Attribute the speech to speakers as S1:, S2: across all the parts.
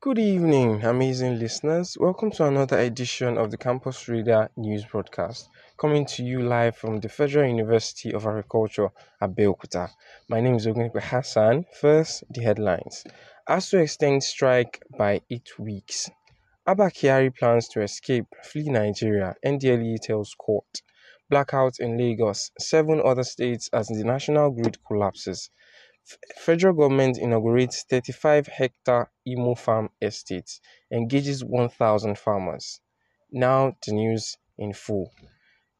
S1: Good evening, amazing listeners. Welcome to another edition of the Campus Radio News Broadcast, coming to you live from the Federal University of Agriculture at Beokuta. My name is Ogunpe Hassan. First, the headlines. ASU extends strike by eight weeks. Abba plans to escape, flee Nigeria, NDLE tells court. Blackout in Lagos, seven other states as the national grid collapses. Federal government inaugurates 35-hectare Imo farm estate, engages 1,000 farmers. Now the news in full.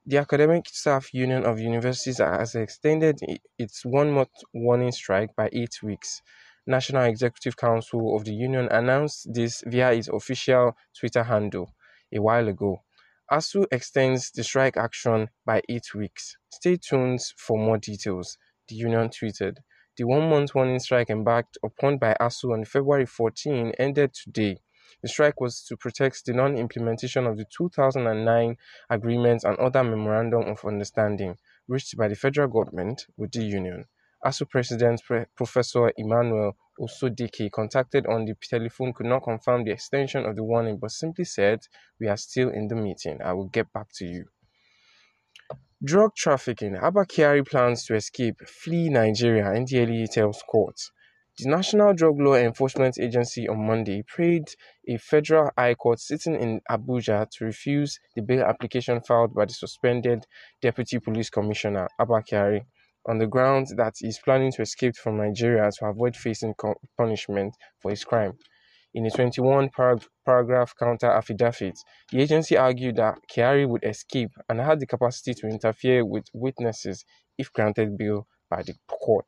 S1: The Academic Staff Union of Universities has extended its one-month warning strike by eight weeks. National Executive Council of the union announced this via its official Twitter handle a while ago. ASU extends the strike action by eight weeks. Stay tuned for more details, the union tweeted. The one month warning strike embarked upon by ASU on February 14 ended today. The strike was to protest the non implementation of the 2009 agreements and other memorandum of understanding reached by the federal government with the union. ASU President Pre- Professor Emmanuel Osodike, contacted on the telephone, could not confirm the extension of the warning but simply said, We are still in the meeting. I will get back to you. Drug trafficking: Abakari plans to escape, flee Nigeria, NDLEA tells court The National Drug Law Enforcement Agency on Monday prayed a federal high court sitting in Abuja to refuse the bail application filed by the suspended Deputy Police Commissioner, Abakari on the grounds that he is planning to escape from Nigeria to avoid facing punishment for his crime. In a 21 paragraph counter affidavit, the agency argued that Kyari would escape and had the capacity to interfere with witnesses if granted bail by the court.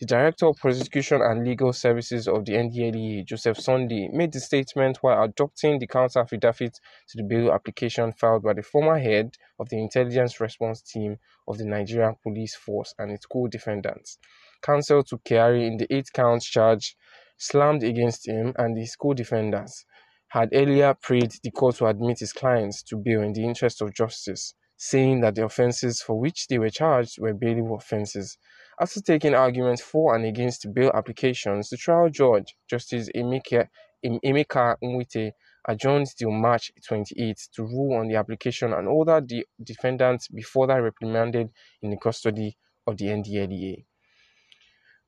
S1: The Director of Prosecution and Legal Services of the NDLEA, Joseph Sunday, made the statement while adopting the counter affidavit to the bail application filed by the former head of the intelligence response team of the Nigerian Police Force and its co defendants counsel to Kyari in the eight counts charge slammed against him and his co-defendants had earlier prayed the court to admit his clients to bail in the interest of justice, saying that the offences for which they were charged were bailable offences. After taking arguments for and against bail applications, the trial judge, Justice Emeka, Emeka adjourned till March 28 to rule on the application and order the defendants be further reprimanded in the custody of the NDLEA.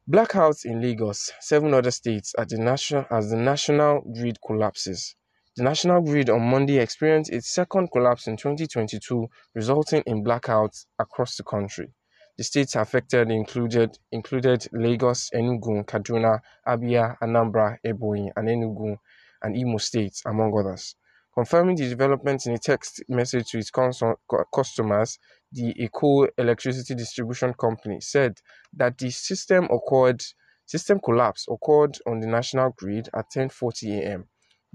S1: Blackouts in Lagos, seven other states as the national grid collapses The national grid on Monday experienced its second collapse in 2022 resulting in blackouts across the country. The states affected included included Lagos, Enugu, Kaduna, Abia, Anambra, Ebonyi and Enugu and Imo states among others. Confirming the development in a text message to its customers, the Eco Electricity Distribution Company said that the system occurred system collapse occurred on the national grid at 10:40 a.m.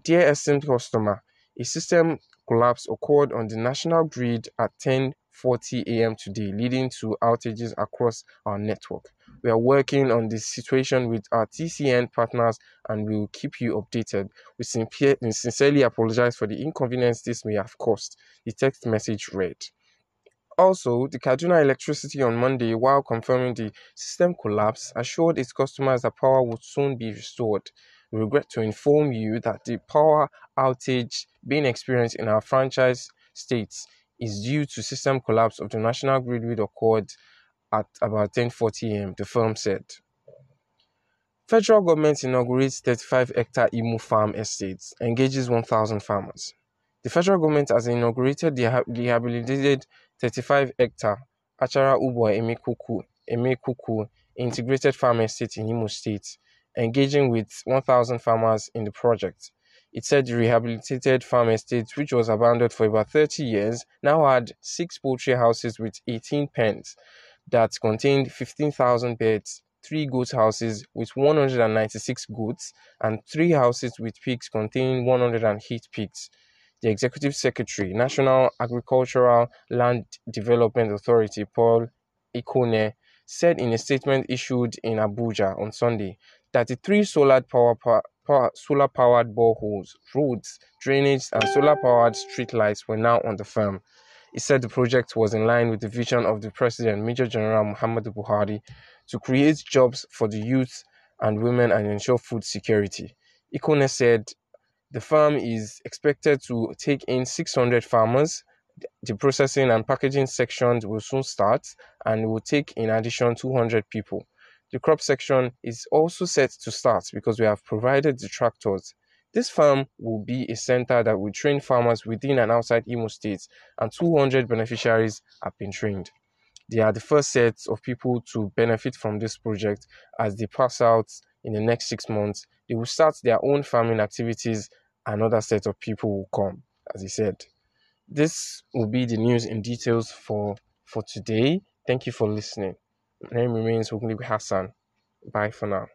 S1: Dear esteemed customer, a system collapse occurred on the national grid at 10 40 a.m. today, leading to outages across our network. We are working on this situation with our TCN partners and we will keep you updated. We sincerely apologize for the inconvenience this may have caused. The text message read. Also, the Kaduna Electricity on Monday, while confirming the system collapse, assured its customers that power would soon be restored. We regret to inform you that the power outage being experienced in our franchise states is due to system collapse of the national grid which occurred at about 10:40 a.m. The firm said. Federal government inaugurates 35 hectare Imu farm estates, engages 1,000 farmers. The federal government has inaugurated the rehabilitated 35 hectare Achara Ubwa Emekuku, Emekuku integrated farm estate in Imo State, engaging with 1,000 farmers in the project. It said the rehabilitated farm estate, which was abandoned for about 30 years, now had six poultry houses with 18 pens that contained 15,000 beds, three goat houses with 196 goats, and three houses with pigs containing 108 pigs. The Executive Secretary, National Agricultural Land Development Authority, Paul Ikone, said in a statement issued in Abuja on Sunday 33 solar power, power, solar powered boreholes, roads, drainage, and solar powered street lights were now on the farm. He said the project was in line with the vision of the President, Major General Muhammadu Buhari, to create jobs for the youth and women and ensure food security. Ikone said the farm is expected to take in 600 farmers. The processing and packaging sections will soon start and will take in addition 200 people. The crop section is also set to start because we have provided the tractors. This farm will be a center that will train farmers within and outside Imo State, and 200 beneficiaries have been trained. They are the first set of people to benefit from this project as they pass out in the next six months. They will start their own farming activities, another set of people will come, as he said. This will be the news in details for, for today. Thank you for listening name remains Hugni Hassan. Bye for now.